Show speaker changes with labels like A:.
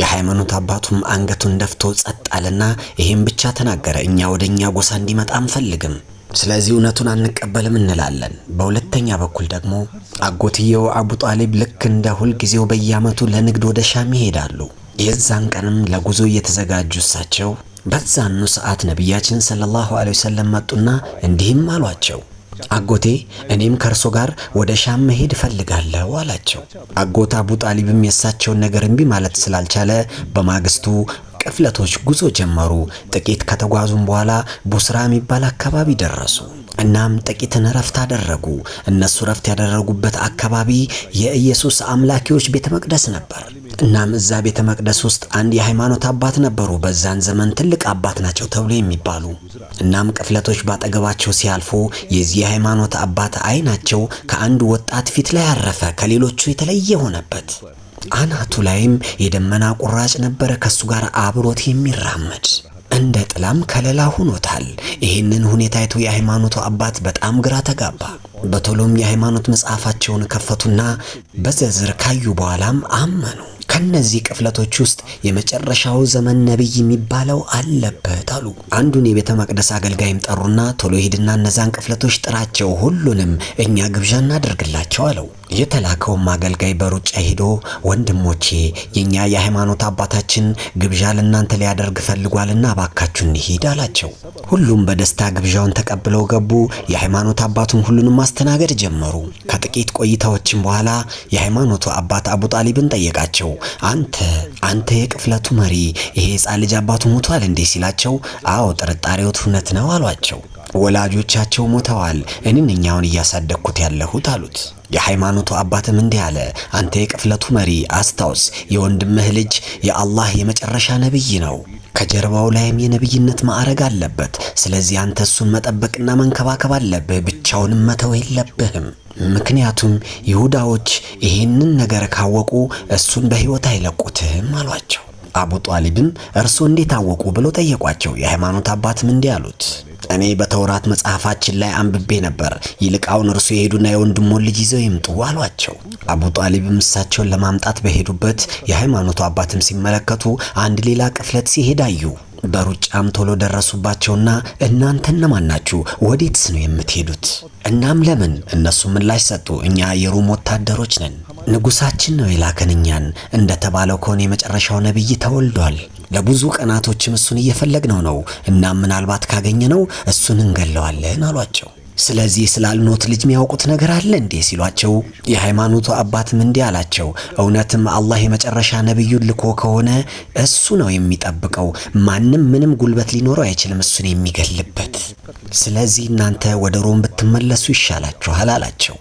A: የሃይማኖት አባቱም አንገቱን ደፍቶ ጸጥ አለና ይህም ብቻ ተናገረ። እኛ ወደ እኛ ጎሳ እንዲመጣ አንፈልግም፣ ስለዚህ እውነቱን አንቀበልም እንላለን። በሁለተኛ በኩል ደግሞ አጎትየው አቡ ጣሊብ ልክ እንደ ሁልጊዜው በየአመቱ ለንግድ ወደ ሻም ይሄዳሉ። የዛን ቀንም ለጉዞ እየተዘጋጁ እሳቸው በዛኑ ሰዓት ነቢያችን ሰለላሁ ዐለይሂ ወሰለም መጡና እንዲህም አሏቸው አጎቴ እኔም ከእርሶ ጋር ወደ ሻም መሄድ እፈልጋለሁ አላቸው። አጎት አቡ ጣሊብም የእሳቸውን ነገር እምቢ ማለት ስላልቻለ በማግስቱ ቅፍለቶች ጉዞ ጀመሩ። ጥቂት ከተጓዙም በኋላ ቡስራ የሚባል አካባቢ ደረሱ። እናም ጥቂትን ረፍት አደረጉ። እነሱ ረፍት ያደረጉበት አካባቢ የኢየሱስ አምላኪዎች ቤተ መቅደስ ነበር። እናም እዛ ቤተ መቅደስ ውስጥ አንድ የሃይማኖት አባት ነበሩ። በዛን ዘመን ትልቅ አባት ናቸው ተብሎ የሚባሉ። እናም ቅፍለቶች ባጠገባቸው ሲያልፉ የዚህ የሃይማኖት አባት አይናቸው ከአንድ ወጣት ፊት ላይ አረፈ። ከሌሎቹ የተለየ ሆነበት። አናቱ ላይም የደመና ቁራጭ ነበረ ከሱ ጋር አብሮት የሚራመድ እንደ ጥላም ከለላ ሆኖታል። ይህንን ሁኔታ አይቶ የሃይማኖቱ አባት በጣም ግራ ተጋባ። በቶሎም የሃይማኖት መጽሐፋቸውን ከፈቱና በዝርዝር ካዩ በኋላም አመኑ። ከነዚህ ቅፍለቶች ውስጥ የመጨረሻው ዘመን ነቢይ የሚባለው አለበት አሉ። አንዱን የቤተ መቅደስ አገልጋይም ጠሩና ቶሎ ሂድና እነዛን ቅፍለቶች ጥራቸው፣ ሁሉንም እኛ ግብዣ እናደርግላቸው አለው። የተላከውም አገልጋይ በሩጫ ሄዶ ወንድሞቼ፣ የኛ የሃይማኖት አባታችን ግብዣ ለእናንተ ሊያደርግ ፈልጓልና እባካችሁ እንሂድ አላቸው። ሁሉም በደስታ ግብዣውን ተቀብለው ገቡ። የሃይማኖት አባቱን ሁሉንም ማስተናገድ ጀመሩ። ከጥቂት ቆይታዎችም በኋላ የሃይማኖቱ አባት አቡ ጣሊብን ጠየቃቸው። አንተ አንተ የቅፍለቱ መሪ፣ ይሄ ሕፃን ልጅ አባቱ ሞቷል እንዴ? ሲላቸው አዎ ጥርጣሬዎት እውነት ነው አሏቸው። ወላጆቻቸው ሞተዋል፣ እኔ ነኝ አሁን እያሳደግኩት ያለሁት አሉት። የሃይማኖቱ አባትም እንዲህ አለ፣ አንተ የቅፍለቱ መሪ አስታውስ፣ የወንድምህ ልጅ የአላህ የመጨረሻ ነብይ ነው፣ ከጀርባው ላይም የነብይነት ማዕረግ አለበት። ስለዚህ አንተ እሱን መጠበቅና መንከባከብ አለብህ፣ ብቻውንም መተው የለብህም። ምክንያቱም ይሁዳዎች ይህንን ነገር ካወቁ እሱን በሕይወት አይለቁትህም አሏቸው። አቡ ጧሊብም እርሱ እንዴት አወቁ ብሎ ጠየቋቸው። የሃይማኖት አባትም እንዲህ አሉት፣ እኔ በተውራት መጽሐፋችን ላይ አንብቤ ነበር። ይልቃውን እርሱ የሄዱና የወንድሞን ልጅ ይዘው ይምጡ አሏቸው። አቡ ጧሊብም እሳቸውን ለማምጣት በሄዱበት የሃይማኖቱ አባትም ሲመለከቱ አንድ ሌላ ቅፍለት ሲሄድ አዩ። በሩጫም ቶሎ ደረሱባቸውና እናንተ እነማን ናችሁ? ወዴትስ ነው የምትሄዱት? እናም ለምን? እነሱ ምላሽ ሰጡ፣ እኛ የሩም ወታደሮች ነን ንጉሳችን ነው የላከን እኛን። እንደተባለው ከሆነ የመጨረሻው ነቢይ ተወልዷል። ለብዙ ቀናቶችም እሱን እየፈለግነው ነው እና ምናልባት ካገኘነው እሱን እንገለዋለን አሏቸው። ስለዚህ ስላልኖት ልጅ የሚያውቁት ነገር አለ እንዴ ሲሏቸው የሃይማኖቱ አባትም እንዲህ አላቸው፣ እውነትም አላህ የመጨረሻ ነቢዩን ልኮ ከሆነ እሱ ነው የሚጠብቀው። ማንም ምንም ጉልበት ሊኖረው አይችልም እሱን የሚገልበት። ስለዚህ እናንተ ወደ ሮም ብትመለሱ ይሻላችኋል አላቸው።